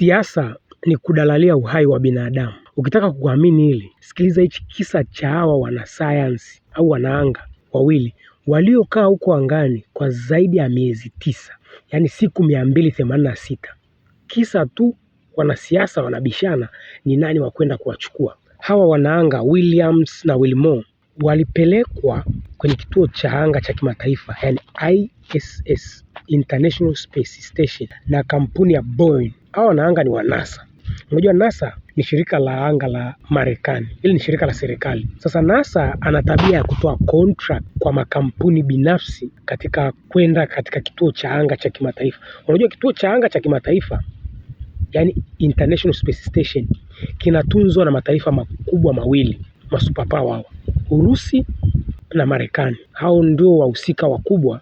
Siasa ni kudalalia uhai wa binadamu. Ukitaka kuamini hili, sikiliza hichi kisa cha hawa wanasayansi au wanaanga wawili waliokaa huko angani kwa zaidi ya miezi tisa, yaani siku mia mbili themanini na sita. Kisa tu wanasiasa wanabishana ni nani wa kwenda kuwachukua. Hawa wanaanga Williams na Wilmore walipelekwa kwenye kituo cha anga cha kimataifa yaani ISS, International Space Station na kampuni ya Boeing hawa wanaanga ni wa nasa Unajua NASA ni shirika la anga la Marekani, hili ni shirika la serikali. Sasa NASA ana tabia ya kutoa contract kwa makampuni binafsi katika kwenda katika kituo cha anga cha kimataifa. Unajua kituo cha anga cha kimataifa yani International Space Station kinatunzwa na mataifa makubwa mawili masuperpower hawa, Urusi na Marekani. Hao ndio wahusika wakubwa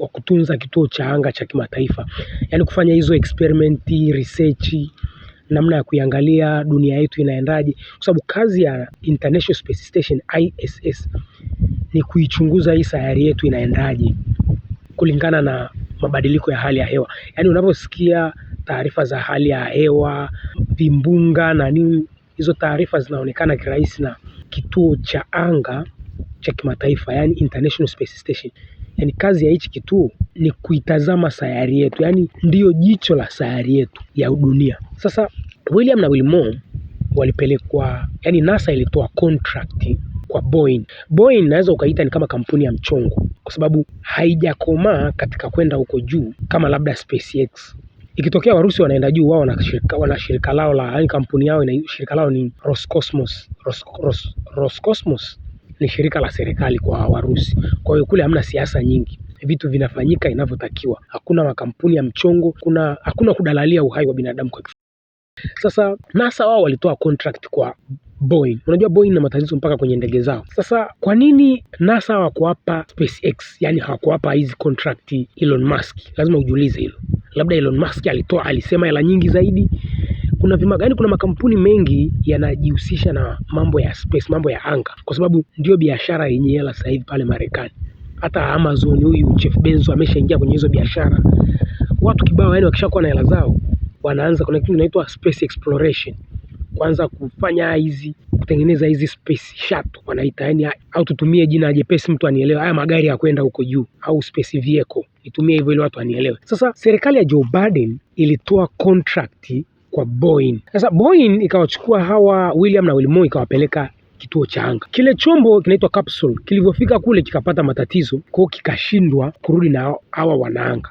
wa kutunza kituo cha anga cha kimataifa. Yaani kufanya hizo experiment research, namna ya kuiangalia dunia yetu inaendaje. Kwa sababu kazi ya International Space Station ISS ni kuichunguza hii sayari yetu inaendaje kulingana na mabadiliko ya hali ya hewa. Yaani unaposikia taarifa za hali ya hewa, vimbunga na nini hizo taarifa zinaonekana kirahisi na kituo cha anga cha kimataifa yani International Space Station yani kazi ya hichi kituo ni kuitazama sayari yetu, yani ndiyo jicho la sayari yetu ya dunia. Sasa William na Wilmore walipelekwa, yani NASA ilitoa contract kwa Boeing. Boeing naweza ukaita ni kama kampuni ya mchongo, kwa sababu haijakomaa katika kwenda huko juu kama labda SpaceX. Ikitokea Warusi wanaenda juu, wao wana shirika, wana shirika lao la, yaani kampuni yao ina shirika lao ni Roscosmos. Ros, Ros, Roscosmos ni shirika la serikali kwa Warusi. Kwa hiyo kule hamna siasa nyingi, vitu vinafanyika inavyotakiwa. Hakuna makampuni ya mchongo, kuna hakuna kudalalia uhai wa binadamu kwa sasa NASA wao walitoa contract kwa Boeing. Unajua Boeing na matatizo mpaka kwenye ndege zao. Sasa kwa nini NASA hawakuwapa SpaceX, yani hawakuwapa hizi contract Elon Musk? Lazima ujiulize hilo. Labda Elon Musk alitoa, alisema hela nyingi zaidi. Kuna vima gani? Kuna makampuni mengi yanajihusisha na mambo ya space, mambo ya anga, kwa sababu ndio biashara yenye hela sasa hivi pale Marekani. Hata Amazon, huyu Jeff Bezos ameshaingia kwenye hizo biashara. Watu kibao, yani wakishakuwa na hela zao wanaanza kuna kitu inaitwa space exploration, kwanza kufanya hizi kutengeneza hizi space shuttle wanaita, yani au tutumie jina jepesi mtu anielewe, haya magari ya kwenda huko juu au space vehicle, itumie hivyo ili watu anielewe Sasa serikali ya Joe Biden ilitoa contract kwa Boeing. Sasa Boeing ikawachukua hawa William na Wilmore ikawapeleka kituo cha anga. Kile chombo kinaitwa capsule, kilivyofika kule kikapata matatizo, kwao kikashindwa kurudi na hawa wanaanga.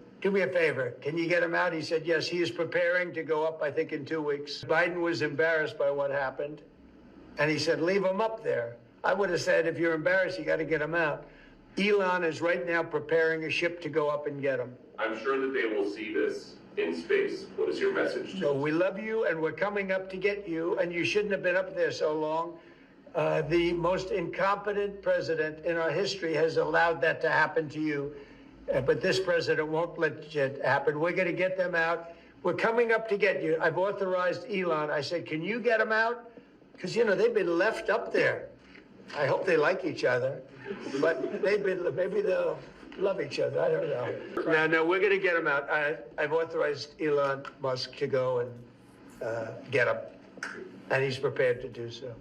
do me a favor. Can you get him out? He said, yes, he is preparing to go up, I think, in two weeks. Biden was embarrassed by what happened. And he said, leave him up there. I would have said, if you're embarrassed, you got to get him out. Elon is right now preparing a ship to go up and get him. I'm sure that they will see this in space. What is your message to We love you and we're coming up to get you, and you shouldn't have been up there so long. Uh, the most incompetent president in our history has allowed that to happen to you. Uh, but this president won't let it happen. We're going to get them out. We're coming up to get you. I've authorized Elon. I said, can you get them out? Because, you know, they've been left up there. I hope they like each other, but they've been, maybe they'll love each other. I don't know. No, no, we're going to get them out. I, have authorized Elon Musk to go and uh, get them, and he's prepared to do so.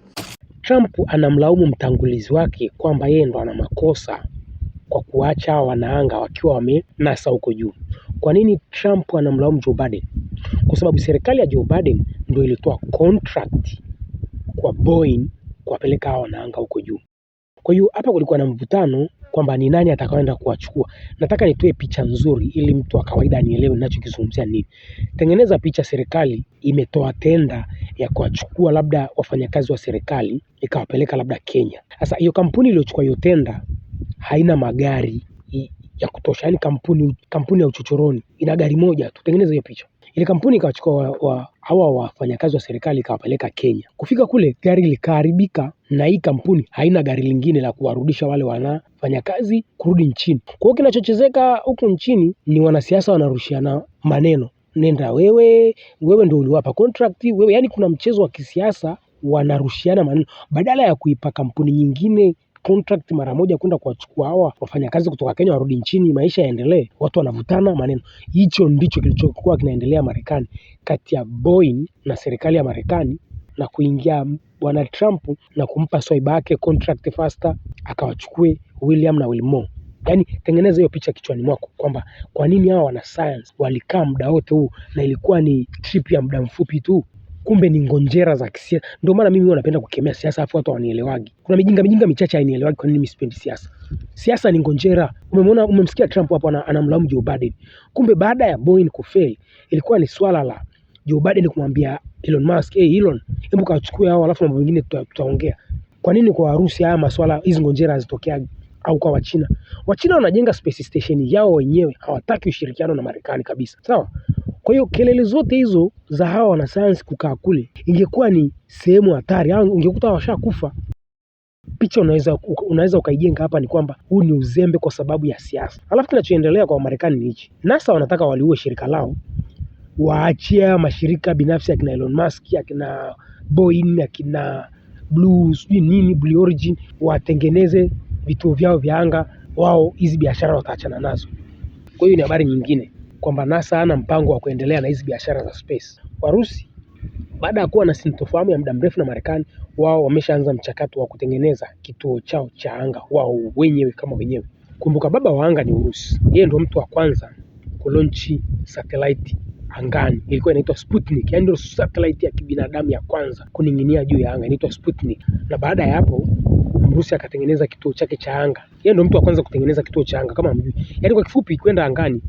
Trump anamlaumu mtangulizi wake kwamba yeye ndo ana makosa kwa kuacha wanaanga wakiwa wamenasa huko juu. Kwa nini Trump anamlaumu Joe Biden? Kwa sababu serikali ya Joe Biden ndio ilitoa contract kwa Boeing kuwapeleka hawa wanaanga huko juu. Kwa hiyo hapa kulikuwa na mvutano kwamba ni nani atakayoenda kuwachukua. Nataka nitoe picha nzuri ili mtu wa kawaida anielewe ninachokizungumzia nini. Tengeneza picha, serikali imetoa tenda ya kuwachukua labda wafanyakazi wa serikali ikawapeleka labda Kenya. Sasa hiyo kampuni iliyochukua hiyo tenda haina magari ya kutosha yani kampuni ya uchochoroni ina gari moja tu tengeneza hiyo picha. Ile kampuni ikawachukua hawa wafanyakazi wa serikali ikawapeleka Kenya. Kufika kule gari likaharibika na hii kampuni haina gari lingine la kuwarudisha wale wanafanyakazi kurudi nchini. Kwa hiyo kinachochezeka huku nchini ni wanasiasa wanarushiana maneno. Nenda wewe, wewe ndio uliwapa contract, wewe yaani kuna mchezo wa kisiasa wanarushiana maneno badala ya kuipa kampuni nyingine contract mara moja kwenda kuwachukua hawa wafanyakazi kutoka Kenya warudi nchini, maisha yaendelee. Watu wanavutana maneno. Hicho ndicho kilichokuwa kinaendelea Marekani, kati ya Boeing na serikali ya Marekani na kuingia bwana Trump na kumpa swaiba yake contract faster, akawachukue William na Wilmore. Yaani, tengeneza hiyo picha kichwani mwako kwamba kwa nini hawa science walikaa muda wote huu na ilikuwa ni trip ya muda mfupi tu kumbe ni ngonjera za kisiasa. Ndio maana mimi huwa napenda kukemea siasa, afu watu wanielewagi. Kuna mijinga mijinga michache hainielewagi kwa nini mimi sipendi siasa. Siasa ni ngonjera. Umemwona, umemsikia Trump hapo anamlaumu Joe Biden, kumbe baada ya Boeing kufeli ilikuwa ni swala la Joe Biden kumwambia Elon Musk, hey, Elon, hebu kawachukue hao, alafu mambo mengine tutaongea. Kwa nini kwa Warusi haya maswala hizi ngonjera hazitokea Au kwa Wachina? Wachina wanajenga space station yao wenyewe, hawataki ushirikiano na Marekani kabisa, sawa. Kwa hiyo kelele zote hizo za hawa wanasayansi kukaa kule ingekuwa ni sehemu hatari au ungekuta washakufa. Picha unaweza unaweza ukaijenga hapa ni kwamba huu ni uzembe kwa sababu ya siasa. Alafu kinachoendelea kwa Marekani ni hichi. NASA wanataka waliue shirika lao waachie mashirika binafsi akina Elon Musk, akina Boeing, akina Blue sijui nini Blue Origin watengeneze vituo vyao vya anga, wao hizi biashara wataachana nazo. Kwa hiyo ni habari nyingine kwamba NASA hana mpango wa kuendelea na hizi biashara za space. Warusi baada ya kuwa na sintofahamu ya muda mrefu na Marekani, wao wameshaanza mchakato wa kutengeneza kituo chao cha anga wao wenyewe kama wenyewe. Kumbuka baba wa anga ni Urusi, yeye ndio mtu wa kwanza kulonchi satellite angani, ilikuwa inaitwa Sputnik, yani ndio satellite ya kibinadamu ya kwanza kuning'inia juu ya anga, inaitwa Sputnik. Na baada ya hapo Mrusi akatengeneza kituo chake cha anga, yeye ndio mtu wa kwanza kutengeneza kituo cha anga kama mjui, yani kwa kifupi kwenda angani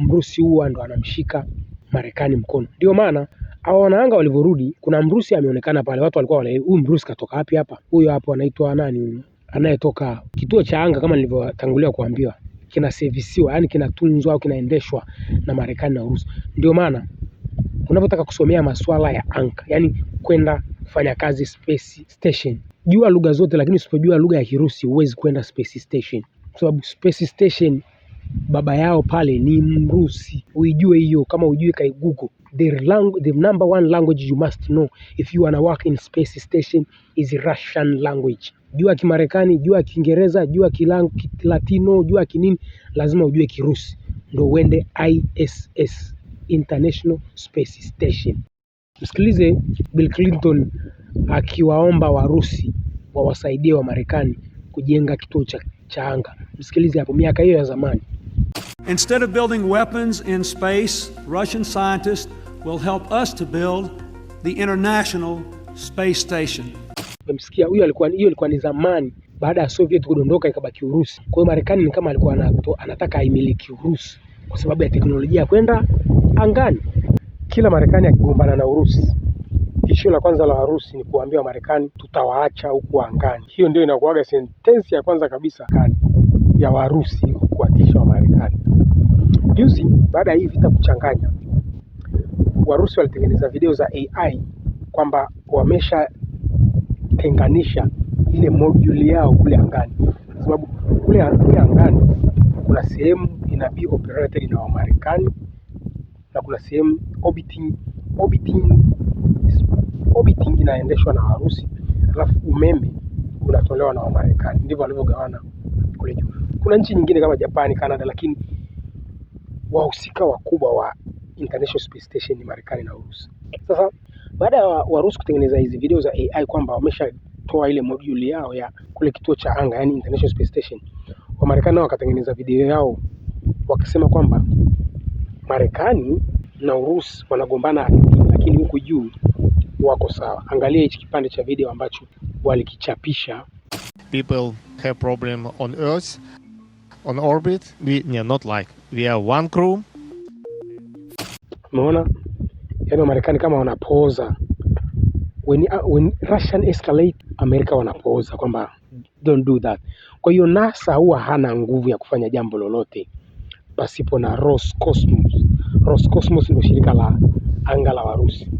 mrusi huwa ndo anamshika Marekani mkono. Ndio maana hao wanaanga walivyorudi, kuna mrusi ameonekana pale, watu walikuwa wale, huyu mrusi katoka wapi hapa? Huyo hapo anaitwa nani, anayetoka kituo cha anga, kama nilivyotangulia kuambiwa, kinasevisiwa yani kinatunzwa au kinaendeshwa na Marekani na Urusi. Ndio maana unapotaka kusomea masuala ya anga, yani kwenda kufanya kazi space station, jua lugha zote, lakini usipojua lugha ya Kirusi huwezi kwenda space station, kwa sababu space station baba yao pale ni Mrusi. Uijue hiyo, kama ujue kai Google. The, langu, the number one language you must know if you wanna work in space station is Russian language. Jua Kimarekani, jua Kiingereza, jua Kilatino, jua kinini, lazima ujue Kirusi ndo uende ISS, International Space Station. Msikilize Bill Clinton akiwaomba Warusi wawasaidie Wamarekani kujenga kituo cha anga. Msikilize hapo, miaka hiyo ya zamani. Instead of building weapons in space, Russian scientists will help us to build the international space station. Msikia huyo alikuwa hiyo ilikuwa ni zamani baada ya Soviet kudondoka ikabaki Urusi. Kwa hiyo Marekani ni kama alikuwa anato, anataka aimiliki Urusi kwa sababu ya teknolojia ya kwenda angani. Kila Marekani akigombana na Urusi, tishio la kwanza la Warusi ni kuambia marekani tutawaacha huku angani. Hiyo ndio inakuwaga sentensi ya kwanza kabisa kani ya Warusi kuwatisha Wamarekani. Juzi baada ya hii vita kuchanganya, Warusi walitengeneza video za AI kwamba wameshatenganisha ile moduli yao kule angani, kwa sababu kule angani kuna sehemu ina be operated na Wamarekani na kuna sehemu orbiting, orbiting, orbiting inaendeshwa na Warusi alafu umeme unatolewa na Wamarekani. Ndivyo walivyogawana kule juu kuna nchi nyingine kama Japani, Canada, lakini wahusika wakubwa wa International Space Station ni Marekani na Urusi. Sasa baada ya wa, Warusi kutengeneza hizi video za AI kwamba wameshatoa ile moduli yao ya kule kituo cha anga, yani International Space Station, Wamarekani nao wakatengeneza video yao wakisema kwamba Marekani na Urusi wanagombana lakini huku juu wako sawa. Angalia hichi kipande cha video ambacho walikichapisha. People have problem on earth on orbit. We yeah, not like we are one crew. Umeona, yani Wamarekani kama wanapoza when, uh, when Russian escalate, Amerika wanapoza kwamba don't do that. Kwa hiyo NASA huwa hana nguvu ya kufanya jambo lolote pasipo na Roscosmos. Roscosmos ndio shirika la anga la Warusi,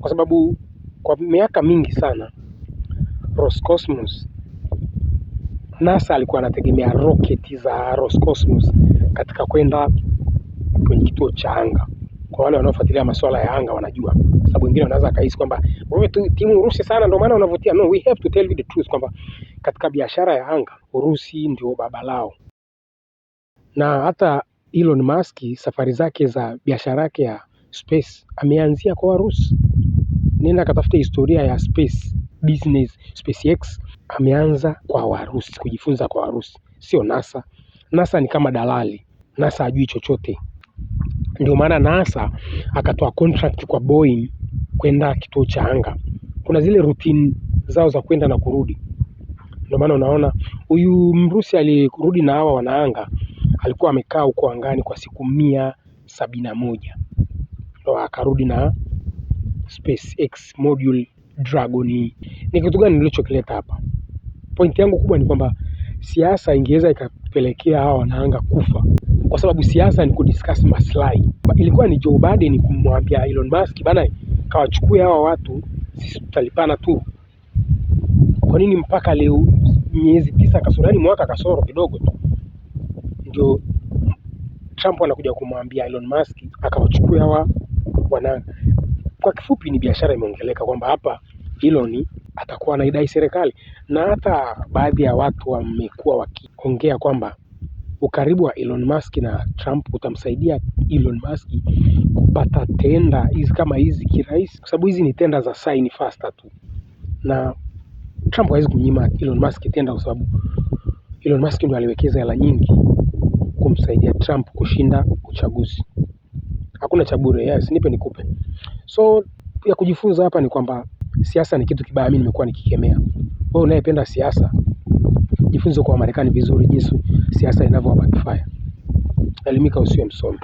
kwa sababu kwa miaka mingi sana Roscosmos NASA alikuwa anategemea roketi za Roscosmos katika kwenda kwenye kituo cha anga. Kwa wale wanaofuatilia masuala ya anga wanajua, kwa sababu wengine wanaweza akahisi kwamba wewe tu timu Urusi sana ndio maana unavutia. No, we have to tell you the truth kwamba katika biashara ya anga Urusi ndio baba lao, na hata Elon Musk safari zake za biashara yake ya space ameanzia kwa Warusi nenda katafute historia ya space business SpaceX ameanza kwa Warusi, kujifunza kwa Warusi, sio NASA. NASA ni kama dalali, NASA hajui chochote. Ndio maana NASA akatoa contract kwa Boeing kwenda kituo cha anga. Kuna zile routine zao za kwenda na kurudi. Ndio maana unaona huyu Mrusi aliyerudi na hawa wanaanga alikuwa amekaa huko angani kwa siku mia sabini na moja ndio akarudi na SpaceX Module Dragon. E. Ni kitu gani nilichokileta hapa? Pointi yangu kubwa ni kwamba siasa ingeweza ikapelekea hawa wanaanga kufa, kwa sababu siasa ni kudiscuss maslahi. Ilikuwa ni Joe Biden kumwambia Elon Musk, bana, kawachukue hawa watu, sisi tutalipana tu. Kwa nini mpaka leo, miezi tisa kasoro, yani mwaka kasoro kidogo tu, ndio Trump anakuja kumwambia Elon Musk akawachukue hawa wanaanga. Kwa kifupi, ni biashara imeongeleka kwamba hapa ni atakuwa anaidai serikali, na hata baadhi ya watu wamekuwa wakiongea kwamba ukaribu wa Elon Musk na Trump utamsaidia Elon Musk kupata tenda hizi kama hizi kirahisi, kwa sababu hizi ni tenda za sign faster tu, na Trump hawezi kunyima Elon Musk tenda, kwa sababu Elon Musk ndo aliwekeza hela nyingi kumsaidia Trump kushinda uchaguzi hakuna cha bure, yes, nipe nikupe. So ya kujifunza hapa ni kwamba siasa ni kitu kibaya, mimi nimekuwa nikikemea. Wewe unayependa siasa, jifunze kwa Marekani vizuri, jinsi siasa inavyowabakifaya. Elimika, usiwe msomi.